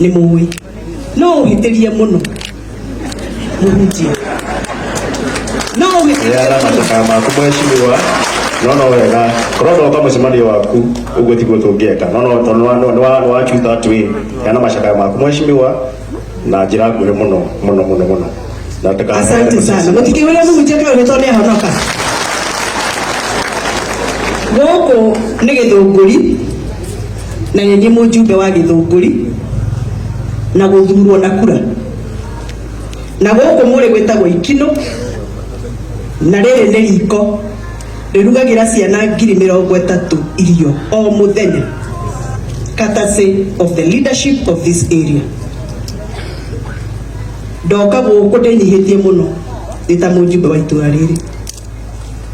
ni muwi no uhitirie muno muhunjie no uhitirie muno no no wega korwo ndoka mucemanio waku uguo tiguo tungieka no no tondu ni wakiuta atwi kana macakaya maku mweshimiwa na njira nguhe muno muno muno muno Asante sana. Mtikiwele Mungu cheke ulitolea honoka. Gũkũ nĩ gĩthũngũri na nyenye mũjumbe wa gĩthũngũri na guthurwo na kura na guku muri gwitagwo ikino na riri ni riko rirugagira ciana ngiri mirongo itatu irio o muthenya katase of the leadership of this area ndoka guku ndinyihitie muno ndi ta mujumbe wa itura riri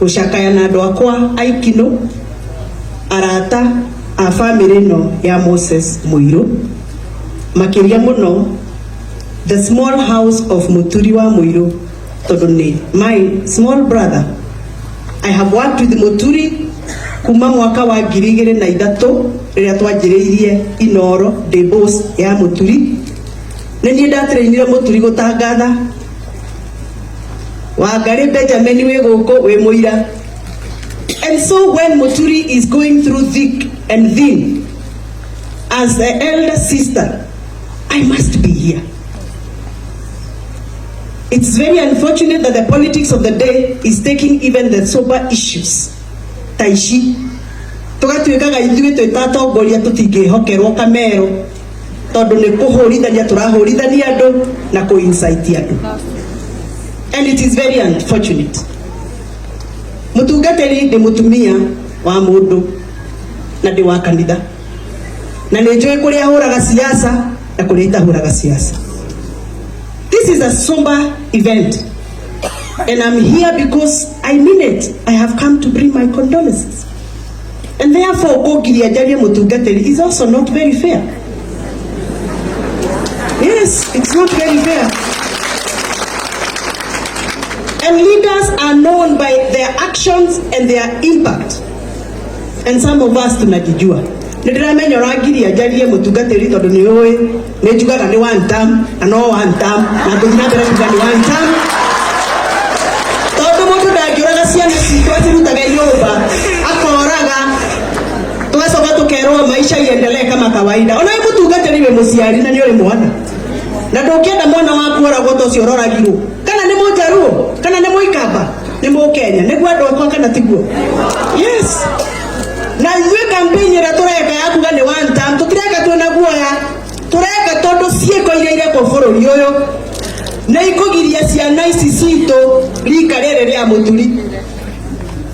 gucakaya na andu akwa aikino arata a family no ya Moses Muiru makiria muno the small house of Muturi wa Muiru tondu ni my small brother I have worked with Muturi kuma mwaka wa ngiri igĩrĩ na ithatũ rĩrĩa twanjĩrĩirie Inoro Debos ya Muturi nĩ niĩ ndatĩrĩinire Muturi gũtangatha Wangari Benjamin wĩ gũkũ wĩ muira and so when Muturi is going through thick and thin as the elder sister I must be here. It's very unfortunate that the politics of the day is taking even the sober issues ta ici tugatuĩkaga ithuĩ twĩ ta atongoria tũtingĩhokerwo kamero tondũ nĩ kũhũrithania tũrahũrithania andũ na kũincite and it is very unfortunate mũtungatĩri wa mũndũ na ndĩ wa kanitha na nĩ njũĩ kũrĩa siasa ya kuleitahuraga siasa this is a somber event and I'm here because I mean it I have come to bring my condolences and therefore kugiria njarie mutungatiri is also not very fair yes it's not very fair and leaders are known by their actions and their impact and some of us tunajijua ndiramenya ũrangiria njarie mũtungatĩri tondũ nĩ ũĩ nĩ njugaga ni one term na no one term na ngũthiĩ na mbere kuga nĩ one term tondũ mũndũ ndangĩũraga ciana citũ acirutaga nyũmba akoraga tũgacoka tũkerwo maisha iendelee kama kawaida ona we mũtungatĩri wĩ mũciari na ni uri mwana na ndũngĩenda mwana waku oragwo ta ũcio ũroragirwo kana nĩ mũnjaruo kana ni mũikamba nĩ mũkenya nĩguo andũ akwa kana tiguo yes na ithuĩ kampeni ĩrĩa arakuga nä wanta tå tireka twä na guoya tå reka tondå ciäko iria irekwo bå rå ri å yå nä ikå giria ciana ici citå rika rä rä rä a må turi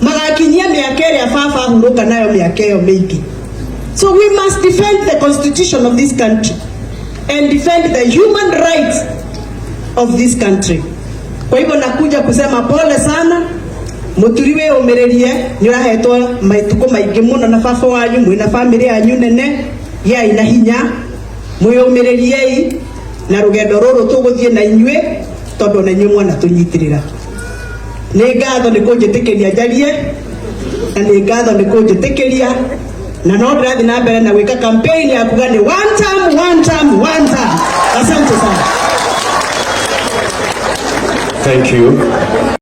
magakinyia mä aka ä rä a baba ahurå ka nayo mä aka ä yo mä ingä so we must defend the constitution of this country and defend the human rights of this country kwa hivyo nakuja kusema pole sana muturiwe umererie ni urahetwo maituko maingi muno na baba wanyu mwä na family yanyu nene yai na hinya mwiyumiririe na rugendo ruru tuguthie na inyue tondu na inyue mwana tunyitirira ni ngatho ni kunjitikiria njarie na ni ngatho ni kunjitikiria na no ndirathi na mbere na gwika campaign ya kuga ni one time one time one time asante sana thank you